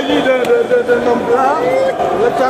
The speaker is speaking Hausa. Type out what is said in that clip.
Lagi dah dah dah dah 16 letak